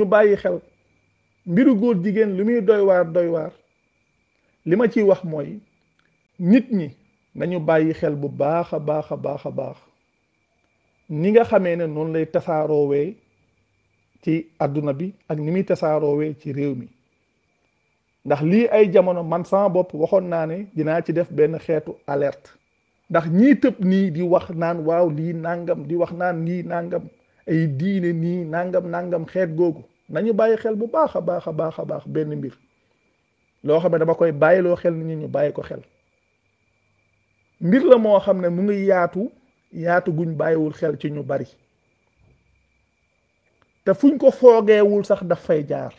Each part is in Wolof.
ñu bàyyi xel mbiru góor jigéen li muy doy waar doy li ma ci wax mooy nit ñi nañu bàyyi xel bu baax a baax a baax a baax ni nga xamee ne noonu lay tasaaroo tasaaroowee ci àdduna bi ak ni muy tasaaroo tasaaroowee ci réew mi ndax lii ay jamono man sama bopp waxoon naa ne dinaa ci def benn xeetu alert ndax ñii tëb nii di wax naan waaw lii nangam di wax naan lii nangam ay diine nii nangam nangam xeet googu nañu bàyyi xel bu baax a baax a baax a baax benn mbir loo xam ne dama koy bàyyiloo xel nit ñi ñu bàyyi ko xel mbir la moo xam ne mu ngi yaatu yaatu guñ bàyyiwul xel ci ñu bari te fuñ ko foogeewul sax daf fay jaar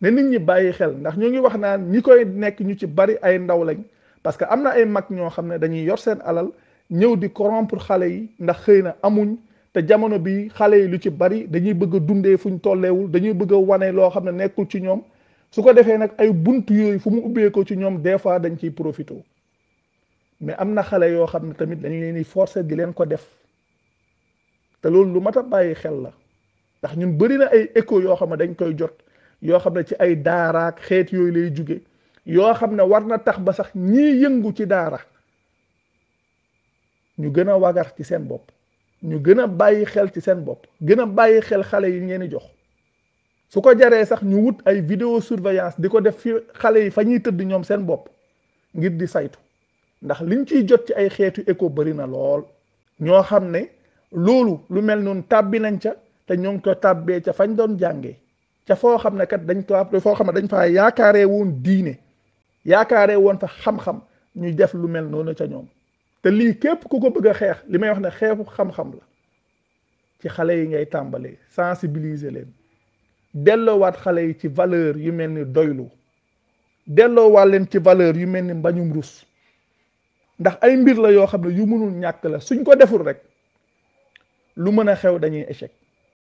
ne nit ñi bàyyi xel ndax ñu ngi wax naan ñi koy nekk ñu ci bari ay ndaw lañ parce que am na ay mag ñoo xam ne dañuy yor seen alal ñëw di corrompre xale yi ndax xëy na amuñ te jamono bi xale yi lu ci bari dañuy bëgg a fu fuñ tolleewul dañuy bëgg wane loo xam ne nekkul ci ñoom su ko defee nag ay bunt yooyu fu mu ubbee ci ñoom des fois dañ ciy profité mais am na xale yoo xam ne tamit dañu leen di forcer di leen ko def te loolu lu mat a bàyyi xel la ndax ñun bëri na ay écho yoo xam ne dañ koy jot yoo xam ne ci ay daaraak xeet yooyu lay jóge yoo xam ne war na tax ba sax ñii yëngu ci daara ñu gën a wagar ci seen bopp ñu gën a bàyyi xel ci seen bopp gën a bàyyi xel xale yi ngeen di jox su ko jaree sax ñu wut ay vidéo surveillance di ko def fi xale yi fa ñuy tëdd ñoom seen bopp ngir di saytu ndax liñ ciy jot ci ay xeetu écho bari na lool ñoo xam ne loolu lu mel noonu tàbbi nañ ca te ñoo ngi ko tàbbee ca fañ doon jàngee ca foo xam ne kat dañ ko foo xam ne dañ faa yaakaaree woon diine yaakaaree woon fa xam-xam ñu def lu mel noonu ca ñoom te lii képp ku ko bëgg a xeex li may wax ne xeexu xam-xam la ci xale yi ngay tàmbalee sensibiliser leen delloowaat xale yi ci valeur yu mel ni doylu delloowaat leen ci valeur yu mel ni mbañum rus ndax ay mbir la yoo xam ne yu mënul ñàkk la suñ ko deful rek lu mën a xew dañuy échec